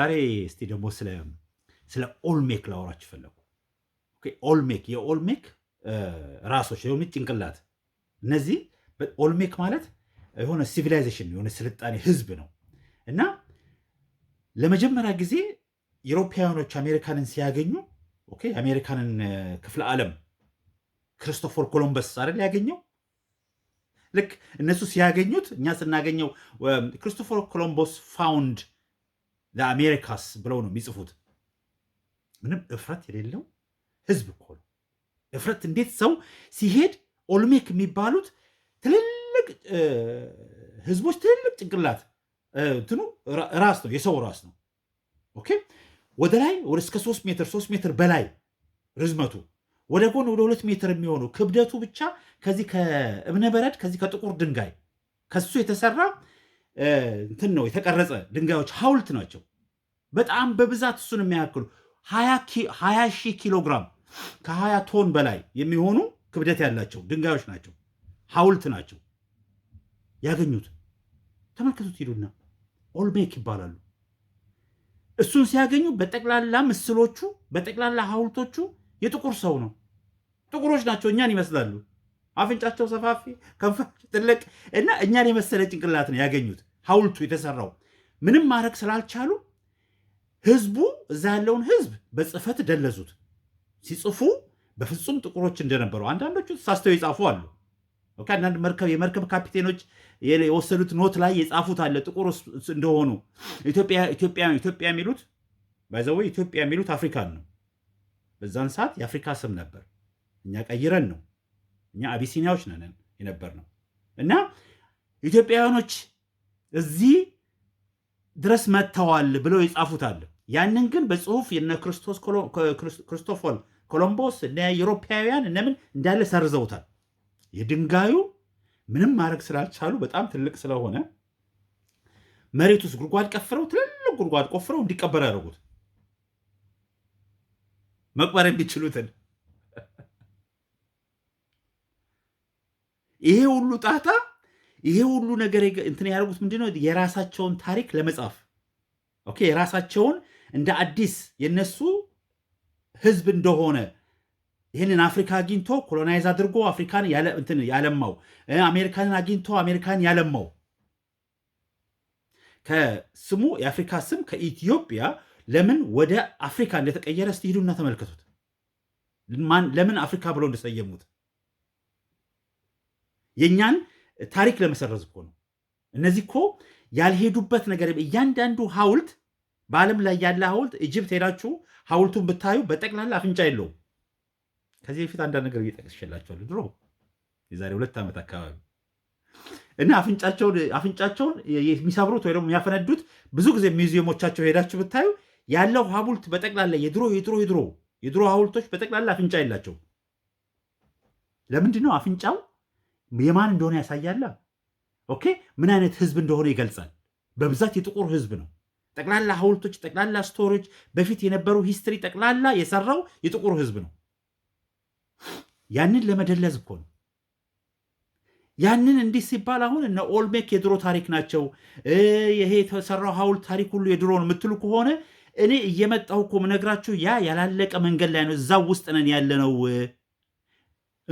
ዛሬ እስቲ ደግሞ ስለ ኦልሜክ ላወራችሁ ፈለጉ። ኦልሜክ የኦልሜክ ራሶች የኦልሜክ ጭንቅላት እነዚህ ኦልሜክ ማለት የሆነ ሲቪላይዜሽን የሆነ ስልጣኔ ህዝብ ነው እና ለመጀመሪያ ጊዜ ኤሮፓውያኖች አሜሪካንን ሲያገኙ የአሜሪካንን ክፍለ ዓለም ክርስቶፎር ኮሎምበስ አይደል ያገኘው። ልክ እነሱ ሲያገኙት እኛ ስናገኘው ክርስቶፎር ኮሎምቦስ ፋውንድ ለአሜሪካስ ብለው ነው የሚጽፉት። ምንም እፍረት የሌለው ህዝብ እኮ ነው። እፍረት እንዴት ሰው ሲሄድ ኦልሜክ የሚባሉት ትልልቅ ህዝቦች ትልልቅ ጭንቅላት እንትኑ ራስ ነው፣ የሰው ራስ ነው። ኦኬ ወደ ላይ ወደ እስከ ሶስት ሜትር ሶስት ሜትር በላይ ርዝመቱ ወደ ጎን ወደ ሁለት ሜትር የሚሆነው ክብደቱ ብቻ ከዚህ ከእብነ በረድ ከዚህ ከጥቁር ድንጋይ ከሱ የተሰራ እንትን ነው የተቀረጸ ድንጋዮች ሀውልት ናቸው። በጣም በብዛት እሱን የሚያክሉ ሀያ ሺህ ኪሎ ግራም ከሀያ ቶን በላይ የሚሆኑ ክብደት ያላቸው ድንጋዮች ናቸው፣ ሀውልት ናቸው ያገኙት። ተመልከቱት ሂዱና፣ ኦልሜክ ይባላሉ። እሱን ሲያገኙ በጠቅላላ ምስሎቹ፣ በጠቅላላ ሀውልቶቹ የጥቁር ሰው ነው። ጥቁሮች ናቸው፣ እኛን ይመስላሉ። አፍንጫቸው ሰፋፊ ከንፈራቸው ትልቅ እና እኛን የመሰለ ጭንቅላት ነው ያገኙት። ሐውልቱ የተሰራው ምንም ማድረግ ስላልቻሉ ህዝቡ እዛ ያለውን ህዝብ በጽህፈት ደለዙት። ሲጽፉ በፍጹም ጥቁሮች እንደነበሩ አንዳንዶቹ ተሳስተው የጻፉ አሉ። አንዳንድ መርከብ የመርከብ ካፒቴኖች የወሰዱት ኖት ላይ የጻፉት አለ ጥቁር እንደሆኑ ኢትዮጵያ የሚሉት ባይዘወ ኢትዮጵያ የሚሉት አፍሪካን ነው። በዛን ሰዓት የአፍሪካ ስም ነበር። እኛ ቀይረን ነው እኛ አቢሲኒያዎች ነን የነበር ነው እና ኢትዮጵያውያኖች እዚህ ድረስ መጥተዋል ብለው ይጻፉታል። ያንን ግን በጽሁፍ የነ ክርስቶፎል ኮሎምቦስ እነ ዩሮፓውያን እነምን እንዳለ ሰርዘውታል። የድንጋዩ ምንም ማድረግ ስላልቻሉ በጣም ትልቅ ስለሆነ መሬት ውስጥ ጉድጓድ ቀፍረው ትልልቅ ጉድጓድ ቆፍረው እንዲቀበር ያደረጉት መቅበር የሚችሉትን ይሄ ሁሉ ጣጣ ይሄ ሁሉ ነገር እንትን ያደርጉት ምንድነው? የራሳቸውን ታሪክ ለመጻፍ ኦኬ፣ የራሳቸውን እንደ አዲስ የነሱ ህዝብ እንደሆነ ይህንን አፍሪካ አግኝቶ ኮሎናይዝ አድርጎ አፍሪካን ያለማው አሜሪካንን አግኝቶ አሜሪካን ያለማው ከስሙ የአፍሪካ ስም ከኢትዮጵያ ለምን ወደ አፍሪካ እንደተቀየረ እስቲ ሂዱና ተመልከቱት። ለምን አፍሪካ ብሎ እንደሰየሙት የእኛን ታሪክ ለመሰረዝ እኮ ነው። እነዚህ እኮ ያልሄዱበት ነገር እያንዳንዱ ሐውልት በዓለም ላይ ያለ ሐውልት ኢጅፕት ሄዳችሁ ሐውልቱን ብታዩ በጠቅላላ አፍንጫ የለውም። ከዚህ በፊት አንዳንድ ነገር እየጠቅስሽላቸዋለሁ ድሮ የዛሬ ሁለት ዓመት አካባቢ እና አፍንጫቸውን የሚሰብሩት ወይ ደግሞ የሚያፈነዱት ብዙ ጊዜ ሚዚየሞቻቸው ሄዳችሁ ብታዩ ያለው ሐውልት በጠቅላላ የድሮ የድሮ የድሮ የድሮ ሐውልቶች በጠቅላላ አፍንጫ የላቸው። ለምንድን ነው አፍንጫው የማን እንደሆነ ያሳያል? ኦኬ ምን አይነት ህዝብ እንደሆነ ይገልጻል። በብዛት የጥቁር ህዝብ ነው። ጠቅላላ ሀውልቶች ጠቅላላ ስቶሪዎች፣ በፊት የነበሩ ሂስትሪ ጠቅላላ የሰራው የጥቁር ህዝብ ነው። ያንን ለመደለዝ እኮ ነው። ያንን እንዲህ ሲባል አሁን እነ ኦልሜክ የድሮ ታሪክ ናቸው፣ ይሄ የተሰራው ሀውልት ታሪክ ሁሉ የድሮ ነው የምትሉ ከሆነ እኔ እየመጣሁ እኮ ምነግራችሁ ያ ያላለቀ መንገድ ላይ ነው። እዛ ውስጥ ነን ያለነው።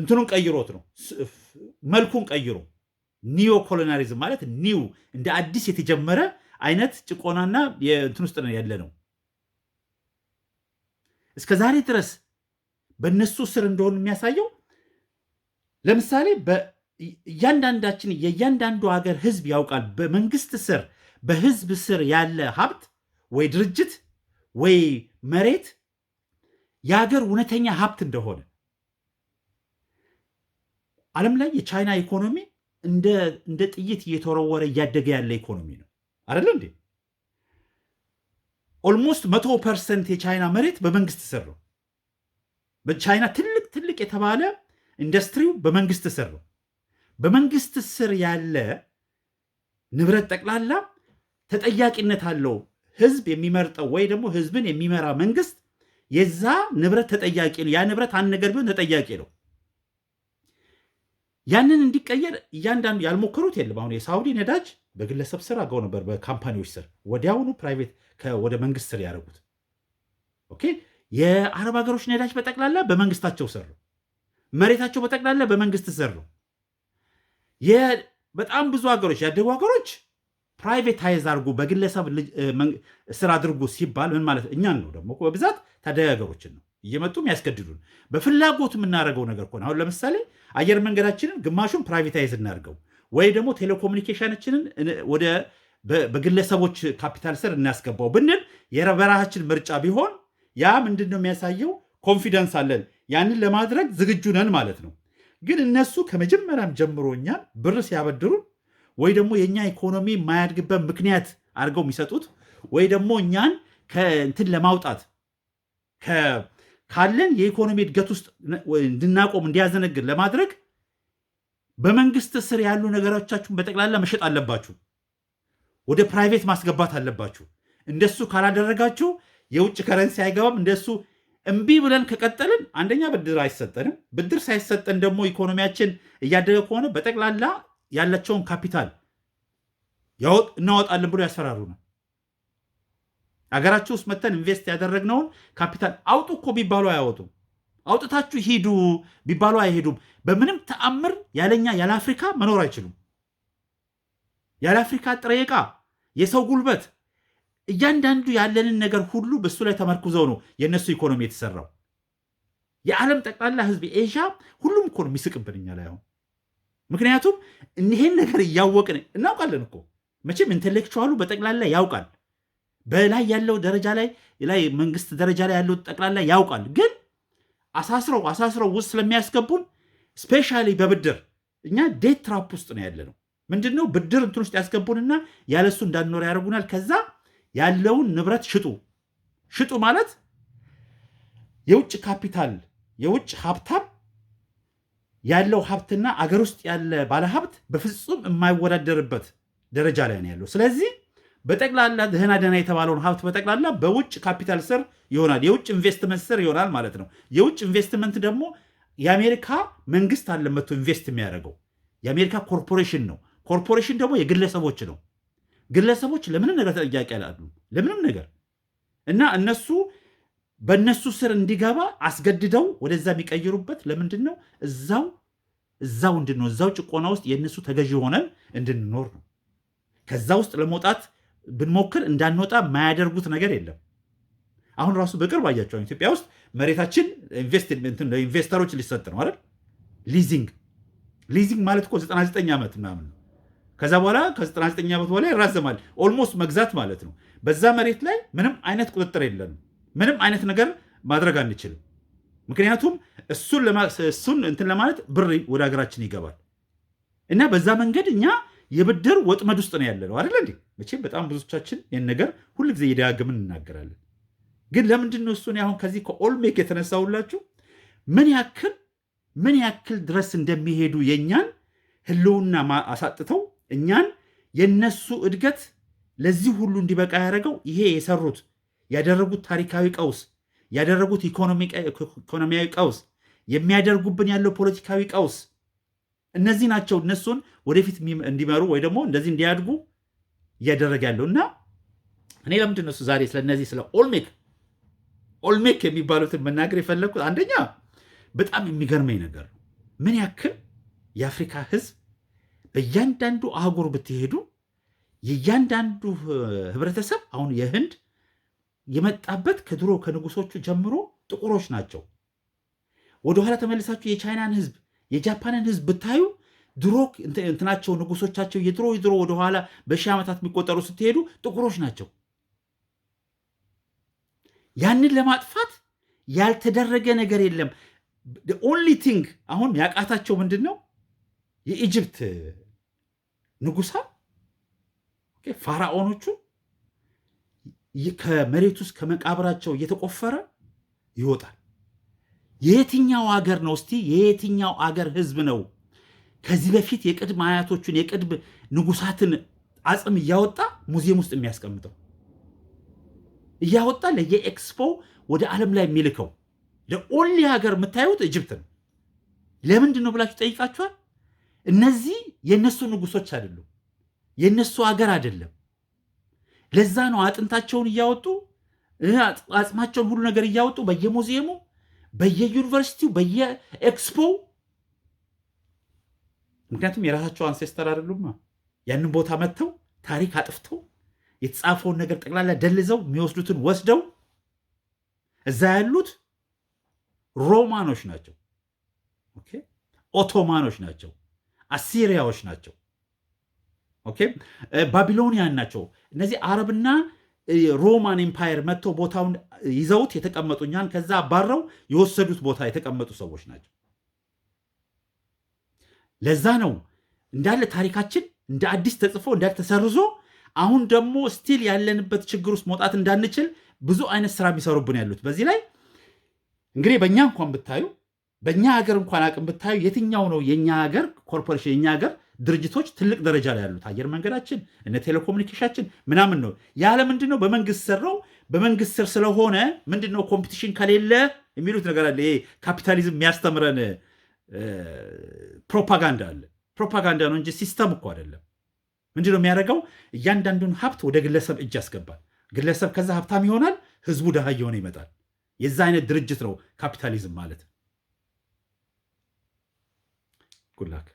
እንትኑን ቀይሮት ነው መልኩን ቀይሮ ኒዮ ኮሎኒያሊዝም ማለት ኒው እንደ አዲስ የተጀመረ አይነት ጭቆናና የእንትን ውስጥ ነው ያለ ነው። እስከ ዛሬ ድረስ በእነሱ ስር እንደሆን የሚያሳየው ለምሳሌ እያንዳንዳችን የእያንዳንዱ ሀገር ህዝብ ያውቃል። በመንግስት ስር በህዝብ ስር ያለ ሀብት ወይ ድርጅት ወይ መሬት የሀገር እውነተኛ ሀብት እንደሆነ ዓለም ላይ የቻይና ኢኮኖሚ እንደ ጥይት እየተወረወረ እያደገ ያለ ኢኮኖሚ ነው አደለ እንዴ? ኦልሞስት መቶ ፐርሰንት የቻይና መሬት በመንግስት ስር ነው። በቻይና ትልቅ ትልቅ የተባለ ኢንዱስትሪው በመንግስት ስር ነው። በመንግስት ስር ያለ ንብረት ጠቅላላ ተጠያቂነት አለው። ህዝብ የሚመርጠው ወይ ደግሞ ህዝብን የሚመራ መንግስት የዛ ንብረት ተጠያቂ ነው። ያ ንብረት አንድ ነገር ቢሆን ተጠያቂ ነው። ያንን እንዲቀየር እያንዳንዱ ያልሞከሩት የለም። አሁን የሳውዲ ነዳጅ በግለሰብ ስር አገው ነበር፣ በካምፓኒዎች ስር ወዲያውኑ ፕራይቬት ወደ መንግስት ስር ያደረጉት። ኦኬ የአረብ ሀገሮች ነዳጅ በጠቅላላ በመንግስታቸው ስር ነው። መሬታቸው በጠቅላላ በመንግስት ስር ነው። በጣም ብዙ ሀገሮች ያደጉ ሀገሮች ፕራይቬታይዝ አድርጉ በግለሰብ ስር አድርጉ ሲባል ምን ማለት እኛን ነው ደግሞ በብዛት ታዳጊ ሀገሮችን ነው እየመጡ የሚያስገድዱን በፍላጎት የምናደርገው ነገር ከሆነ አሁን ለምሳሌ አየር መንገዳችንን ግማሹን ፕራይቬታይዝ እናድርገው ወይ ደግሞ ቴሌኮሙኒኬሽናችንን ወደ በግለሰቦች ካፒታል ስር እናስገባው ብንል የበረሃችን ምርጫ ቢሆን ያ ምንድን ነው የሚያሳየው? ኮንፊደንስ አለን፣ ያንን ለማድረግ ዝግጁ ነን ማለት ነው። ግን እነሱ ከመጀመሪያም ጀምሮ እኛን ብር ሲያበድሩን ወይ ደግሞ የእኛ ኢኮኖሚ የማያድግበት ምክንያት አድርገው የሚሰጡት ወይ ደግሞ እኛን ከእንትን ለማውጣት ካለን የኢኮኖሚ እድገት ውስጥ እንድናቆም እንዲያዘነግር ለማድረግ በመንግስት ስር ያሉ ነገሮቻችሁን በጠቅላላ መሸጥ አለባችሁ፣ ወደ ፕራይቬት ማስገባት አለባችሁ። እንደሱ ካላደረጋችሁ የውጭ ከረንሲ አይገባም። እንደሱ እምቢ ብለን ከቀጠልን አንደኛ ብድር አይሰጠንም። ብድር ሳይሰጠን ደግሞ ኢኮኖሚያችን እያደገ ከሆነ በጠቅላላ ያላቸውን ካፒታል እናወጣለን ብሎ ያስፈራሩናል። አገራችሁ ውስጥ መተን ኢንቨስት ያደረግነውን ካፒታል አውጡ እኮ ቢባሉ አያወጡም። አውጥታችሁ ሂዱ ቢባሉ አይሄዱም። በምንም ተአምር ያለኛ ያለ አፍሪካ መኖር አይችሉም። ያለ አፍሪካ ጥሬ ዕቃ፣ የሰው ጉልበት፣ እያንዳንዱ ያለንን ነገር ሁሉ በሱ ላይ ተመርኩዘው ነው የእነሱ ኢኮኖሚ የተሰራው። የዓለም ጠቅላላ ህዝብ ኤዥያ፣ ሁሉም እኮ ነው የሚስቅብን እኛ ላይ አሁን። ምክንያቱም ይሄን ነገር እያወቅን እናውቃለን እኮ መቼም ኢንቴሌክቹዋሉ በጠቅላላ ያውቃል። በላይ ያለው ደረጃ ላይ ላይ መንግስት ደረጃ ላይ ያለው ጠቅላላ ያውቃል። ግን አሳስረው አሳስረው ውስጥ ስለሚያስገቡን ስፔሻሊ በብድር እኛ ዴት ትራፕ ውስጥ ነው ያለ ነው። ምንድን ነው ብድር እንትን ውስጥ ያስገቡንና ያለሱ እንዳንኖር ያደርጉናል። ከዛ ያለውን ንብረት ሽጡ ሽጡ ማለት የውጭ ካፒታል የውጭ ሀብታም ያለው ሀብትና አገር ውስጥ ያለ ባለሀብት በፍጹም የማይወዳደርበት ደረጃ ላይ ነው ያለው። ስለዚህ በጠቅላላ ደህና ደህና የተባለውን ሀብት በጠቅላላ በውጭ ካፒታል ስር ይሆናል፣ የውጭ ኢንቨስትመንት ስር ይሆናል ማለት ነው። የውጭ ኢንቨስትመንት ደግሞ የአሜሪካ መንግስት መቶ ኢንቨስት የሚያደርገው የአሜሪካ ኮርፖሬሽን ነው። ኮርፖሬሽን ደግሞ የግለሰቦች ነው። ግለሰቦች ለምንም ነገር ተጠያቂ ያላሉ ለምንም ነገር እና እነሱ በእነሱ ስር እንዲገባ አስገድደው ወደዛ የሚቀይሩበት ለምንድን ነው? እዛው እዛው እንድንሆን እዛው ጭቆና ውስጥ የእነሱ ተገዢ ሆነን እንድንኖር ነው። ከዛ ውስጥ ለመውጣት ብንሞክር እንዳንወጣ የማያደርጉት ነገር የለም። አሁን ራሱ በቅርብ አያቸው ኢትዮጵያ ውስጥ መሬታችን ለኢንቨስተሮች ሊሰጥ ነው አይደል? ሊዚንግ ሊዚንግ ማለት እኮ 99 ዓመት ምናምን ነው። ከዛ በኋላ ከ99 ዓመት በኋላ ይራዘማል። ኦልሞስት መግዛት ማለት ነው። በዛ መሬት ላይ ምንም አይነት ቁጥጥር የለንም። ምንም አይነት ነገር ማድረግ አንችልም። ምክንያቱም እሱን እንትን ለማለት ብር ወደ ሀገራችን ይገባል እና በዛ መንገድ እኛ የብድር ወጥመድ ውስጥ ነው ያለ ነው አይደለ እንዴ? መቼም በጣም ብዙቻችን ይህን ነገር ጊዜ እየደጋገምን እንናገራለን። ግን ለምንድን ነው እሱን አሁን ከዚህ ከኦልሜክ የተነሳሁላችሁ ምን ያክል ምን ያክል ድረስ እንደሚሄዱ የእኛን ህልውና አሳጥተው እኛን የነሱ እድገት ለዚህ ሁሉ እንዲበቃ ያደረገው ይሄ የሰሩት ያደረጉት ታሪካዊ ቀውስ ያደረጉት ኢኮኖሚያዊ ቀውስ የሚያደርጉብን ያለው ፖለቲካዊ ቀውስ እነዚህ ናቸው እነሱን ወደፊት እንዲመሩ ወይ ደግሞ እንደዚህ እንዲያድጉ እያደረገ ያለው እና እኔ ለምንድን ነው እሱ ዛሬ ስለነዚህ ስለ ኦልሜክ ኦልሜክ የሚባሉትን መናገር የፈለግኩት አንደኛ በጣም የሚገርመኝ ነገር ነው። ምን ያክል የአፍሪካ ሕዝብ በእያንዳንዱ አህጉር ብትሄዱ የእያንዳንዱ ህብረተሰብ አሁን የህንድ የመጣበት ከድሮ ከንጉሶቹ ጀምሮ ጥቁሮች ናቸው። ወደኋላ ተመልሳችሁ የቻይናን ሕዝብ የጃፓንን ህዝብ ብታዩ ድሮ እንትናቸው ንጉሶቻቸው የድሮ የድሮ ወደኋላ በሺህ ዓመታት የሚቆጠሩ ስትሄዱ ጥቁሮች ናቸው። ያንን ለማጥፋት ያልተደረገ ነገር የለም። ኦንሊ ቲንግ አሁን ያቃታቸው ምንድን ነው? የኢጅፕት ንጉሳ ፋራኦኖቹ ከመሬት ውስጥ ከመቃብራቸው እየተቆፈረ ይወጣል። የየትኛው አገር ነው? እስቲ የየትኛው አገር ህዝብ ነው? ከዚህ በፊት የቅድመ አያቶቹን የቅድም ንጉሳትን አጽም እያወጣ ሙዚየም ውስጥ የሚያስቀምጠው እያወጣ ለየኤክስፖ ወደ ዓለም ላይ የሚልከው ለኦንሊ ሀገር የምታዩት ኢጅፕት ነው። ለምንድን ነው ብላችሁ ጠይቃችኋል? እነዚህ የእነሱ ንጉሶች አይደሉም፣ የእነሱ ሀገር አይደለም። ለዛ ነው አጥንታቸውን እያወጡ አጽማቸውን ሁሉ ነገር እያወጡ በየሙዚየሙ በየዩኒቨርሲቲው በየኤክስፖ ምክንያቱም የራሳቸው አንሴስተር አይደሉማ። ያንን ቦታ መጥተው ታሪክ አጥፍተው የተጻፈውን ነገር ጠቅላላ ደልዘው የሚወስዱትን ወስደው እዛ ያሉት ሮማኖች ናቸው፣ ኦቶማኖች ናቸው፣ አሲሪያዎች ናቸው፣ ባቢሎኒያን ናቸው። እነዚህ አረብና ሮማን ኤምፓየር መጥቶ ቦታውን ይዘውት የተቀመጡ እኛን ከዛ አባረው የወሰዱት ቦታ የተቀመጡ ሰዎች ናቸው። ለዛ ነው እንዳለ ታሪካችን እንደ አዲስ ተጽፎ እንዳለ ተሰርዞ አሁን ደግሞ ስቲል ያለንበት ችግር ውስጥ መውጣት እንዳንችል ብዙ አይነት ስራ የሚሰሩብን ያሉት። በዚህ ላይ እንግዲህ በእኛ እንኳን ብታዩ በእኛ ሀገር እንኳን አቅም ብታዩ የትኛው ነው የእኛ ሀገር ኮርፖሬሽን የእኛ ሀገር ድርጅቶች ትልቅ ደረጃ ላይ ያሉት አየር መንገዳችን እነ ቴሌኮሙኒኬሽናችን ምናምን ነው ያለ ምንድነው በመንግስት ስር ነው በመንግስት ስር ስለሆነ ምንድነው ኮምፒቲሽን ከሌለ የሚሉት ነገር አለ ይሄ ካፒታሊዝም የሚያስተምረን ፕሮፓጋንዳ አለ ፕሮፓጋንዳ ነው እንጂ ሲስተም እኮ አይደለም ምንድነው ነው የሚያደርገው እያንዳንዱን ሀብት ወደ ግለሰብ እጅ ያስገባል ግለሰብ ከዛ ሀብታም ይሆናል ህዝቡ ድሃ እየሆነ ይመጣል የዛ አይነት ድርጅት ነው ካፒታሊዝም ማለት ጉላክ